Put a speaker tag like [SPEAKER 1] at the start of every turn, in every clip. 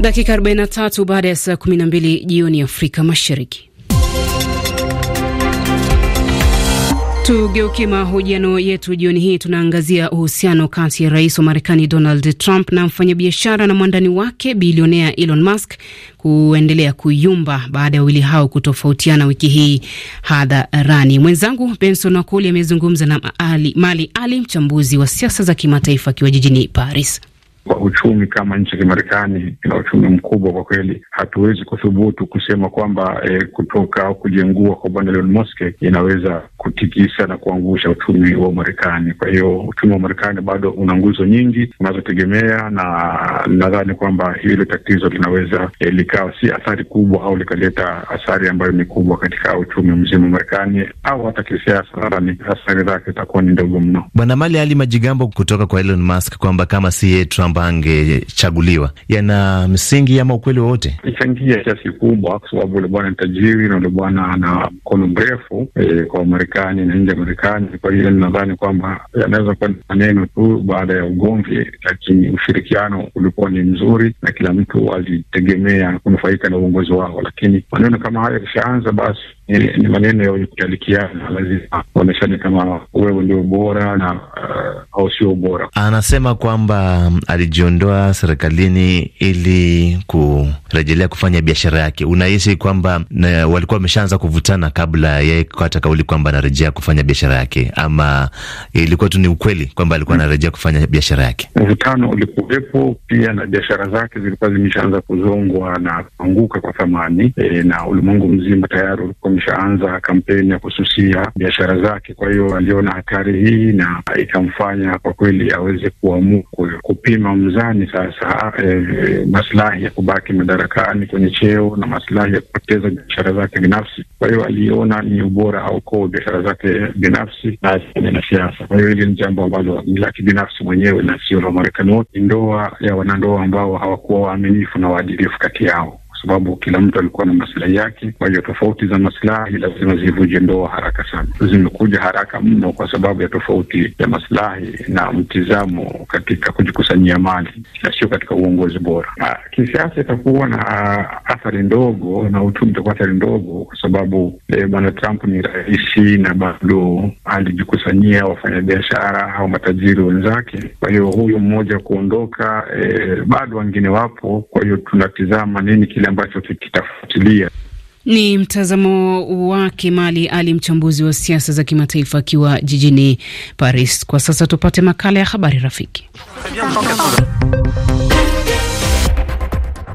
[SPEAKER 1] Dakika 43 baada ya saa 12 jioni Afrika Mashariki. Tugeukie mahojiano yetu jioni hii. Tunaangazia uhusiano kati ya rais wa Marekani Donald Trump na mfanyabiashara na mwandani wake bilionea Elon Musk kuendelea kuyumba baada ya wawili hao kutofautiana wiki hii hadharani. Mwenzangu Benson Wakoli amezungumza na Ali Mali Ali, mchambuzi wa siasa za kimataifa akiwa jijini Paris
[SPEAKER 2] wa uchumi kama nchi za Marekani ina uchumi mkubwa kwa kweli, hatuwezi kuthubutu kusema kwamba eh, kutoka au kujengua kwa bwana Elon Musk inaweza kutikisa na kuangusha uchumi wa Marekani. Kwa hiyo uchumi wa Marekani bado una nguzo nyingi unazotegemea, na nadhani kwamba hilo tatizo linaweza eh, likawa si athari kubwa au likaleta athari ambayo ni kubwa katika uchumi mzima wa Marekani au hata kisiasa. Nadhani athari zake itakuwa ni ndogo mno.
[SPEAKER 3] Bwana Mali Ali Majigambo kutoka kwa Elon Musk kwamba kama si yeye Trump angechaguliwa, yana msingi ama ukweli wowote?
[SPEAKER 2] Ichangia kiasi kubwa, kwa sababu ule bwana ni tajiri na ule bwana ana mkono mrefu eh, kwa Marekani Marekani na nje ya Marekani. Kwa hiyo ninadhani kwamba yanaweza kuwa ni maneno tu baada ya ugomvi, lakini ushirikiano ulikuwa ni mzuri na kila mtu alitegemea kunufaika na uongozi wao, lakini maneno kama hayo yakishaanza basi ni maneno ya kutalikiana, lazima waoneshane kama wewe ndio bora na uh, au sio bora.
[SPEAKER 3] Anasema kwamba um, alijiondoa serikalini ili kurejelea kufanya biashara yake. Unahisi kwamba walikuwa wameshaanza kuvutana kabla yeye kukata kauli kwamba anarejea kufanya biashara yake, ama ilikuwa tu ni ukweli kwamba alikuwa anarejea kufanya biashara yake?
[SPEAKER 2] Mvutano ulikuwepo pia, na biashara zake zilikuwa zimeshaanza kuzongwa na kuanguka kwa thamani e, na ulimwengu mzima tayari ulikuwa ameshaanza kampeni ya kususia biashara zake. Kwa hiyo aliona hatari hii na ikamfanya kwa kweli aweze kuamua kupima mzani sasa, e, maslahi ya kubaki madarakani kwenye cheo na maslahi ya kupoteza biashara zake binafsi. Kwa hiyo aliona ni ubora aokoe biashara zake binafsi na asiende na siasa. Kwa hiyo hili ni jambo ambalo ni la kibinafsi mwenyewe na sio la marekani wote. Ni ndoa ya wanandoa ambao hawakuwa waaminifu na waadilifu kati yao sababu kila mtu alikuwa na masilahi yake. Kwa hiyo tofauti za masilahi lazima zivuje ndoa haraka sana, zimekuja haraka mno kwa sababu ya tofauti ya masilahi na mtizamo katika kujikusanyia mali na sio katika uongozi bora. Kisiasa itakuwa na ah, athari ndogo na uchumi itakuwa athari ndogo, kwa sababu eh, bwana Trump ni rais na bado alijikusanyia wafanyabiashara au matajiri wenzake. Kwa hiyo huyu mmoja kuondoka, eh, bado wengine wapo. Kwa hiyo tunatizama nini kile ambacho kitafuatilia.
[SPEAKER 1] Ni mtazamo wake Mali Ali, mchambuzi wa siasa za kimataifa akiwa jijini Paris. Kwa sasa tupate makala ya habari rafiki.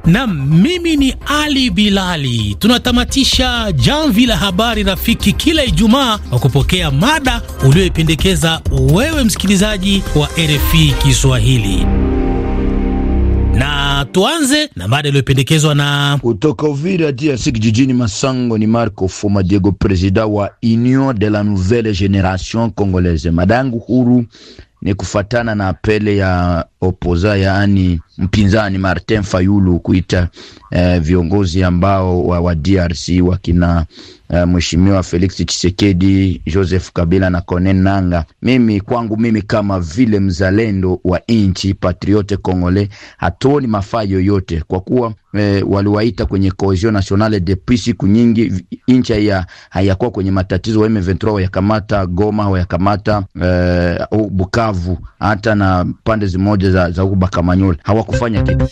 [SPEAKER 3] Nam, mimi ni Ali Bilali. Tunatamatisha jamvi la habari rafiki kila Ijumaa kwa kupokea mada ulioipendekeza wewe msikilizaji wa RFI Kiswahili tuanze na mada iliyopendekezwa na kutoka Uvira DRC kijijini Masango. Ni Marco Foma Diego, presida wa Union de la Nouvelle Generation Congolaise. Madangu huru ni kufatana na apele ya opoza yaani mpinzani Martin Fayulu kuita eh, viongozi ambao wa, wa DRC wakina
[SPEAKER 4] uh, Mheshimiwa Felix Tshisekedi, Joseph Kabila na Kone Nanga. Mimi kwangu mimi kama vile mzalendo wa nchi patriote Kongole, hatuoni mafaa yoyote kwa kuwa E, waliwaita kwenye cohesion nationale depuis siku nyingi, nchi
[SPEAKER 3] hayakuwa kwenye matatizo. Wa M23 wayakamata Goma, wayakamata e, Bukavu, hata na pande zimoja za huko Bakamanyola hawakufanya kitu.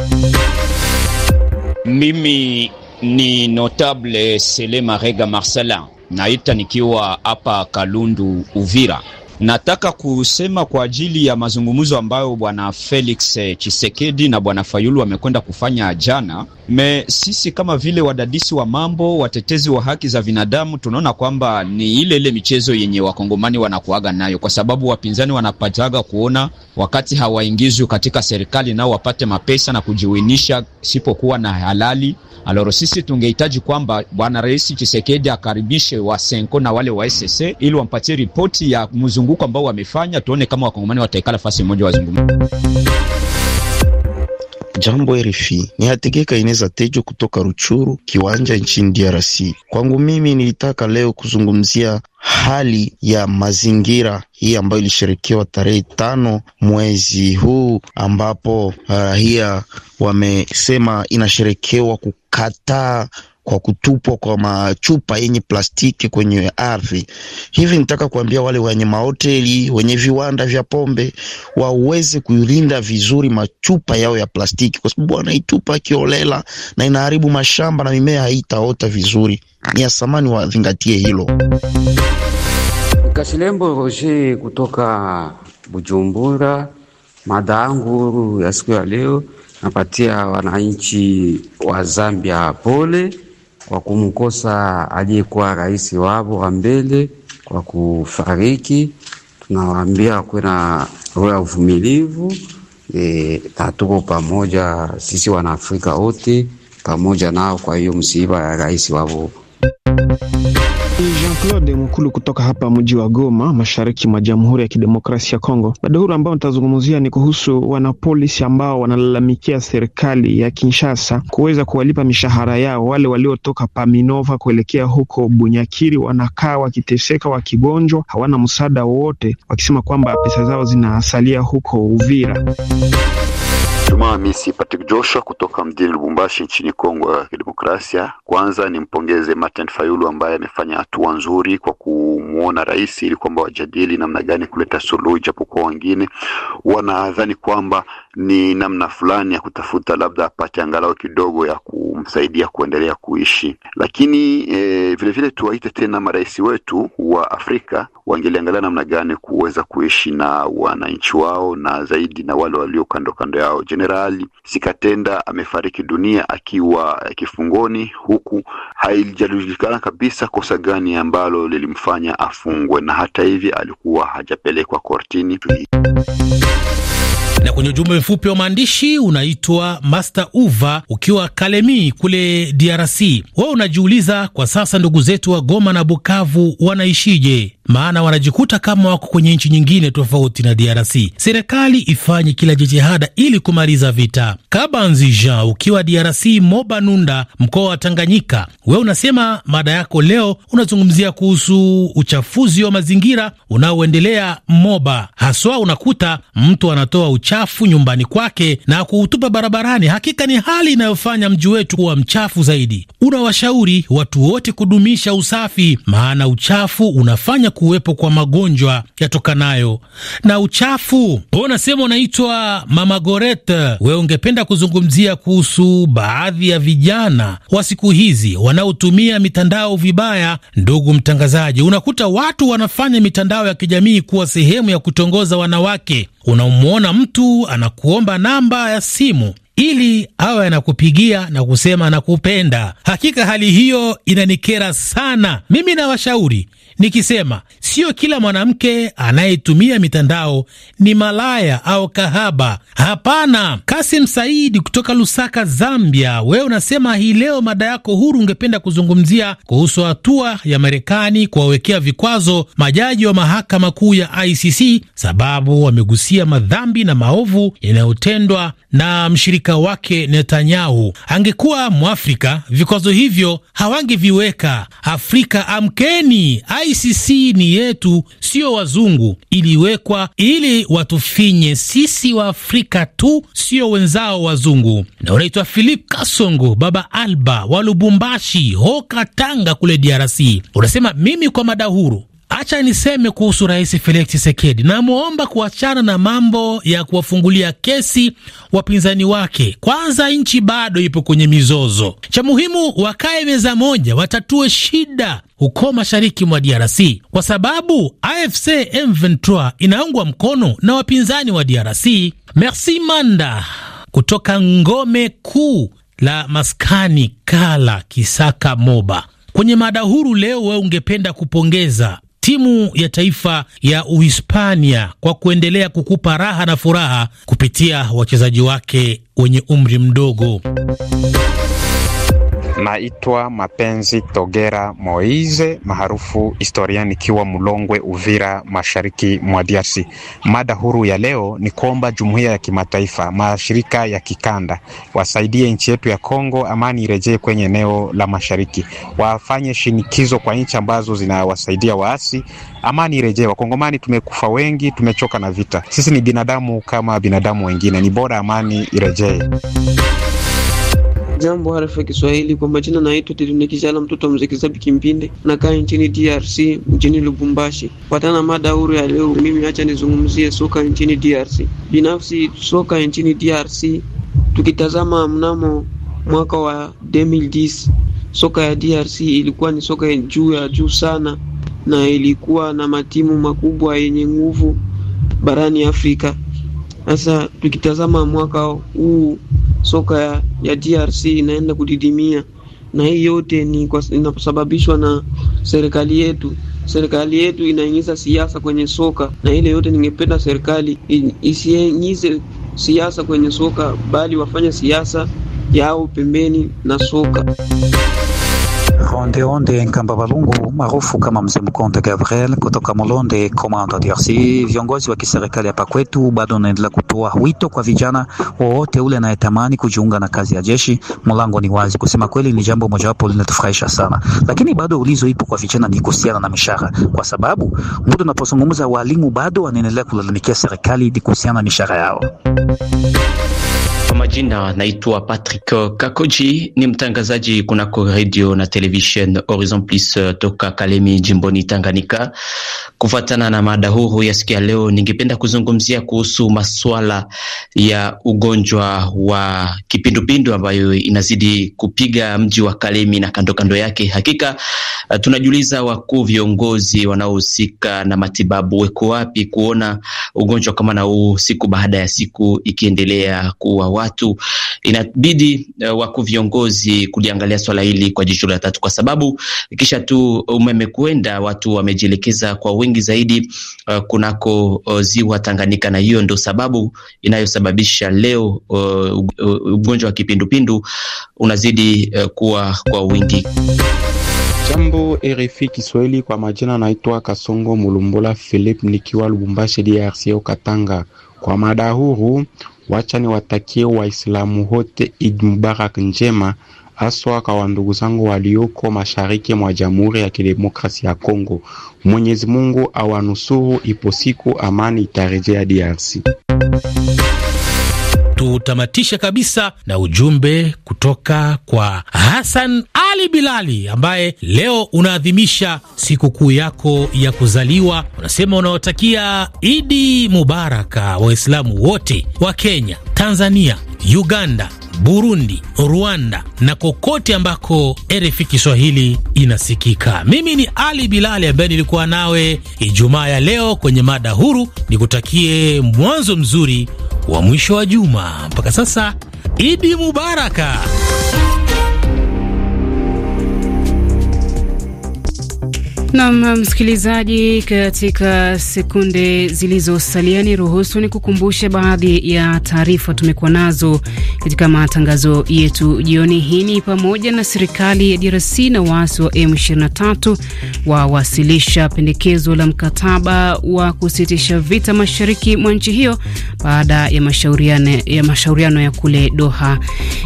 [SPEAKER 4] Mimi ni notable Selema Rega Marcelin, naita nikiwa hapa Kalundu Uvira. Nataka kusema kwa ajili ya mazungumzo ambayo bwana Felix Chisekedi eh, na bwana Fayulu wamekwenda kufanya jana. Me sisi kama vile wadadisi wa mambo, watetezi wa haki za binadamu, tunaona kwamba ni ile ile michezo yenye wakongomani wanakuaga nayo, kwa sababu wapinzani wanapataga kuona wakati hawaingizwi katika serikali nao wapate mapesa na kujiwinisha sipokuwa na halali. Aloro sisi tungehitaji kwamba bwana Rais Chisekedi akaribishe wasenko na wale wa SSC ili wampatie ripoti ya mzungu mzunguko ambao wamefanya, tuone kama wakongomani wataika nafasi moja wazungumza. Jambo RFI ni hategeka Ineza tejo kutoka Ruchuru kiwanja nchini DRC. Kwangu mimi nilitaka leo kuzungumzia hali ya mazingira hii ambayo ilisherekewa tarehe tano mwezi huu ambapo uh, uh, wamesema inasherekewa kukataa kwa kutupwa kwa machupa yenye plastiki kwenye ardhi. Hivi nitaka kuambia wale wenye mahoteli, wenye viwanda vya pombe waweze kuilinda vizuri machupa yao ya plastiki, kwa sababu wanaitupa kiolela na inaharibu mashamba na mimea haitaota vizuri. Ni asamani wazingatie hilo.
[SPEAKER 1] Kashilembo Roger kutoka Bujumbura. Mada yangu huru ya siku ya leo napatia
[SPEAKER 4] wananchi wa Zambia pole kwa kumkosa aliyekuwa rais wao wa mbele kwa kufariki. Tunawaambia wakuwe na roho ya uvumilivu e, hatuko pamoja sisi
[SPEAKER 1] Wanaafrika wote pamoja nao kwa hiyo msiba ya rais wao.
[SPEAKER 4] Jean-Claude mkulu kutoka hapa mji wa Goma, mashariki mwa Jamhuri ya Kidemokrasia ya
[SPEAKER 2] Kongo. Mada huru ambao nitazungumzia ni kuhusu wanapolisi ambao wanalalamikia serikali ya Kinshasa kuweza kuwalipa mishahara yao. Wale waliotoka Paminova kuelekea huko Bunyakiri wanakaa wakiteseka, wakigonjwa, hawana msaada wowote, wakisema kwamba pesa zao zinasalia huko Uvira. Ijumaa Hamisi Patrick Joshua kutoka mjini Lubumbashi nchini Kongo ya Kidemokrasia. Kwanza nimpongeze Martin Fayulu ambaye amefanya hatua nzuri kwa kumwona rais ili kwamba wajadili namna gani kuleta suluhu, japokuwa wengine wanadhani kwamba ni namna fulani ya kutafuta labda apate angalau kidogo ya ku kumsaidia kuendelea kuishi. Lakini vilevile eh, vile tuwaite tena marais wetu wa Afrika wangeliangalia namna gani kuweza kuishi na wananchi wao na zaidi na wale walio kando kando yao. Jenerali Sikatenda amefariki dunia akiwa eh, kifungoni, huku haijajulikana kabisa kosa gani ambalo lilimfanya afungwe, na hata hivi alikuwa hajapelekwa kortini.
[SPEAKER 3] Na kwenye ujumbe mfupi wa maandishi unaitwa Master Uva ukiwa Kalemi kule DRC, wao unajiuliza kwa sasa ndugu zetu wa Goma na Bukavu wanaishije? maana wanajikuta kama wako kwenye nchi nyingine tofauti na DRC. Serikali ifanye kila jitihada ili kumaliza vita. Kabanzi Jean, ukiwa DRC, Moba Nunda, mkoa wa Tanganyika, wewe unasema mada yako leo unazungumzia kuhusu uchafuzi wa mazingira unaoendelea Moba, haswa unakuta mtu anatoa uchafu nyumbani kwake na kuutupa barabarani. Hakika ni hali inayofanya mji wetu kuwa mchafu zaidi. Unawashauri watu wote kudumisha usafi, maana uchafu unafanya kuwepo kwa magonjwa yatokanayo na uchafu. Wewe unasema unaitwa Mama Gorete, wewe ungependa kuzungumzia kuhusu baadhi ya vijana wa siku hizi wanaotumia mitandao vibaya. Ndugu mtangazaji, unakuta watu wanafanya mitandao ya kijamii kuwa sehemu ya kutongoza wanawake. Unamwona mtu anakuomba namba ya simu ili awe anakupigia na kusema anakupenda Hakika hali hiyo inanikera sana. Mimi nawashauri nikisema siyo kila mwanamke anayetumia mitandao ni malaya au kahaba. Hapana. Kasim Saidi kutoka Lusaka, Zambia, wewe unasema hii leo mada yako huru, ungependa kuzungumzia kuhusu hatua ya Marekani kuwawekea vikwazo majaji wa mahakama kuu ya ICC sababu wamegusia madhambi na maovu yanayotendwa na mshirika wake Netanyahu. Angekuwa Mwafrika, vikwazo hivyo hawangeviweka. Afrika amkeni! ICC ni yetu, sio wazungu. Iliwekwa ili watufinye sisi wa Afrika tu, sio wenzao wazungu. Na unaitwa Philip Kasongo, baba Alba wa Lubumbashi, hoka tanga kule DRC, unasema mimi kwa madahuru Acha niseme kuhusu Rais Felix Tshisekedi, namwomba kuachana na mambo ya kuwafungulia kesi wapinzani wake. Kwanza, nchi bado ipo kwenye mizozo, cha muhimu wakae meza moja, watatue shida huko mashariki mwa DRC kwa sababu AFC M23 inaungwa mkono na wapinzani wa DRC. Merci Manda kutoka ngome kuu la maskani Kala Kisaka Moba kwenye mada huru leo. Wewe ungependa kupongeza timu ya taifa ya Uhispania kwa kuendelea kukupa raha na furaha kupitia wachezaji wake wenye umri mdogo. Naitwa Mapenzi Togera Moize maarufu historia, nikiwa Mlongwe, Uvira, mashariki mwa DRC. Mada huru ya leo ni kuomba jumuiya ya kimataifa, mashirika ya kikanda wasaidie nchi yetu ya Kongo, amani irejee kwenye eneo la mashariki, wafanye shinikizo kwa nchi ambazo zinawasaidia waasi, amani irejee. Wakongomani tumekufa wengi, tumechoka na vita. Sisi ni binadamu kama binadamu wengine, ni bora amani irejee.
[SPEAKER 4] Jambo harafu ya Kiswahili, kwa majina naitwa Tirunikijala mtoto wa mzee Kizabi Kimpinde, nakaa nchini DRC mjini Lubumbashi. Patana mada huru ya leo, mimi acha nizungumzie soka nchini DRC. Binafsi soka nchini DRC tukitazama mnamo mwaka wa 2010 soka ya DRC ilikuwa ni soka juu ya juu sana, na ilikuwa na matimu makubwa yenye nguvu barani Afrika. Sasa tukitazama mwaka huu soka ya DRC inaenda kudidimia, na hii yote ni kwa, inasababishwa na serikali yetu. Serikali yetu inaingiza siasa kwenye soka, na ile yote ningependa serikali isiingize siasa kwenye soka, bali wafanye siasa yao pembeni na soka ronde Ronde Nkamba Balungu maarufu kama Mzee Mkonde Gabriel kutoka Molonde Komanda DRC. Viongozi wa kiserikali
[SPEAKER 3] hapa kwetu bado wanaendelea kutoa wito kwa vijana wowote ule anayetamani kujiunga na kazi ya jeshi, mlango ni wazi. Kusema kweli, ni jambo mojawapo linatufurahisha sana, lakini bado ulizo ipo kwa vijana ni kuhusiana na mishahara, kwa sababu muda unapozungumza, walimu bado wanaendelea kulalamikia serikali kuhusiana na mishahara yao. Kwa majina naitwa Patrick Kakoji, ni mtangazaji kunako radio na television Horizon Plus eh, toka Kalemi jimboni Tanganyika. Kufuatana na mada huru ya siku ya leo, ningependa kuzungumzia kuhusu masuala ya ugonjwa wa kipindupindu ambayo inazidi kupiga mji wa Kalemi na kando kando yake. Hakika tunajuliza eh, tunajiuliza wakuu viongozi wanaohusika na matibabu weko wapi kuona ugonjwa kama na huu siku baada ya siku ikiendelea kuwa watu. Inabidi uh, wakuu viongozi kuliangalia swala hili kwa jicho la tatu, kwa sababu kisha tu umeme kuenda, watu wamejielekeza kwa wingi zaidi uh, kunako uh, ziwa Tanganyika, na hiyo ndo sababu inayosababisha leo uh, ugonjwa wa kipindupindu unazidi uh, kuwa kwa wingi. Jambo RFI
[SPEAKER 4] Kiswahili, kwa majina naitwa Kasongo mulumbula Philip, nikiwa Lubumbashi DRC Katanga. Kwa mada huru Wacha ni wa Waislamu wote Eid Mubarak njema, haswa kwa wandugu zangu walioko mashariki mwa Jamhuri ya Kidemokrasia ya Kongo. Mwenyezi Mungu awanusuru, ipo siku amani itarejea
[SPEAKER 3] DRC tutamatisha kabisa na ujumbe kutoka kwa Hasan Ali Bilali ambaye leo unaadhimisha sikukuu yako ya kuzaliwa. Unasema unaotakia Idi Mubaraka Waislamu wote wa Kenya, Tanzania, Uganda, Burundi, Rwanda na kokote ambako RFI Kiswahili inasikika. Mimi ni Ali Bilali ambaye nilikuwa nawe Ijumaa ya leo kwenye mada huru, nikutakie mwanzo mzuri wa mwisho wa juma. Mpaka sasa, Idi Mubaraka.
[SPEAKER 1] Nam msikilizaji, katika sekunde zilizosalia, ni ruhusu ni kukumbushe baadhi ya taarifa tumekuwa nazo katika matangazo yetu jioni hii. Ni pamoja na serikali ya DRC na waasi wa M23 wawasilisha pendekezo la mkataba wa kusitisha vita mashariki mwa nchi hiyo baada ya mashauriano ya mashauriano ya kule Doha,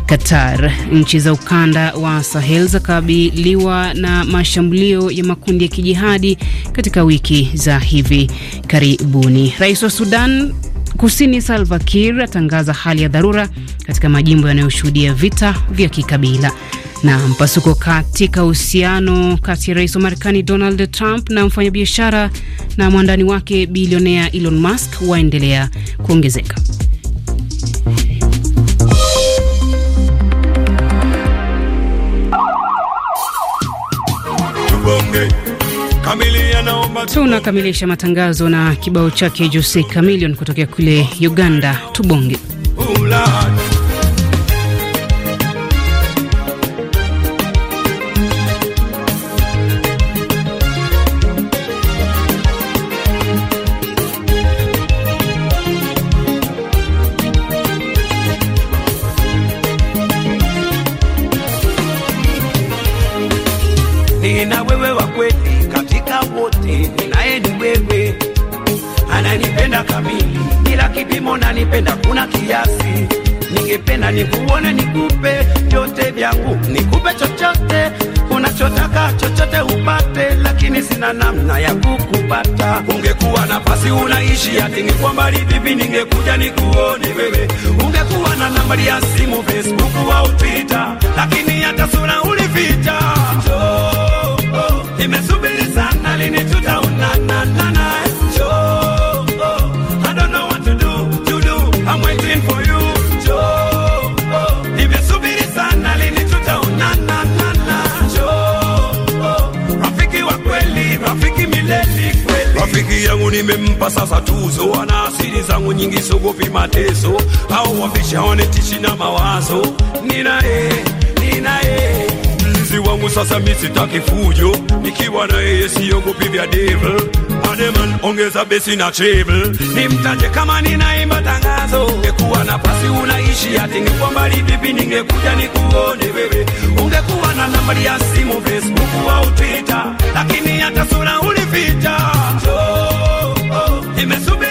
[SPEAKER 1] Qatar. Nchi za ukanda wa Sahel zakabiliwa na mashambulio ya makundi kijihadi katika wiki za hivi karibuni. Rais wa Sudan Kusini Salva Kiir atangaza hali ya dharura katika majimbo yanayoshuhudia vita vya kikabila. Na mpasuko katika uhusiano kati ya rais wa Marekani Donald Trump na mfanyabiashara na mwandani wake bilionea Elon Musk waendelea kuongezeka. Tunakamilisha matangazo na kibao chake Jose Chameleone kutokea kule Uganda, tubonge
[SPEAKER 4] Ula. namna ya kukupata. Ungekuwa nafasi unaishi yatini kwa mbali, vipi ningekuja nikuone wewe. Ungekuwa na nambari ya simu, Facebook au Twitter, lakini hata sura ulificha. Oh, oh, nimempa sasa tuzo, ana asili zangu nyingi, siogopi mateso, au wafisha wanitishi na mawazo. Ninaye, ninaye mlinzi wangu, sasa mimi sitaki fujo, nikiwa na yeye siogopi vya devil. Ademan, ongeza besi na treble, nimtaje kama ninaimba tangazo. Ungekuwa na pasi unaishi hati, ningekuwa mbali vipi, ningekuja nikuone wewe. Ungekuwa na nambari ya simu, Facebook au Twitter, lakini hata sura ulificha. oh, me.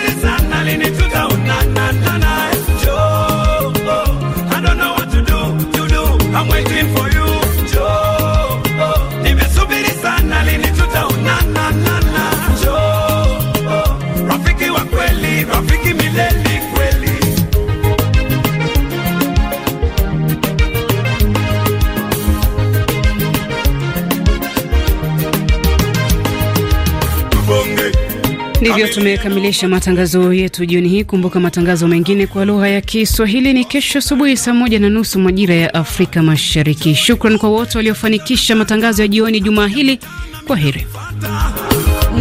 [SPEAKER 1] ndio tumekamilisha matangazo yetu jioni hii. Kumbuka matangazo mengine kwa lugha ya Kiswahili ni kesho asubuhi saa moja na nusu majira ya Afrika Mashariki. Shukran kwa wote waliofanikisha matangazo ya jioni jumaa hili. Kwa heri.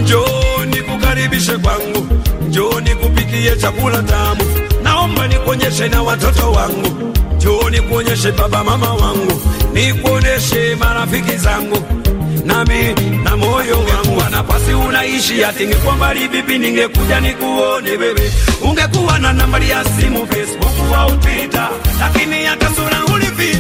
[SPEAKER 4] njoni kukaribishe kwangu, njoni kupikie chakula tamu, naomba nikuonyeshe na watoto wangu, njoni kuonyeshe baba mama wangu, nikuonyeshe marafiki zangu nami na moyo wangu wa nafasi unaishi, atingekuwa mbali bibi, ningekuja nikuone wewe.
[SPEAKER 1] Ungekuwa na nambari ya simu Facebook au Twitter, lakini hata sura ulificha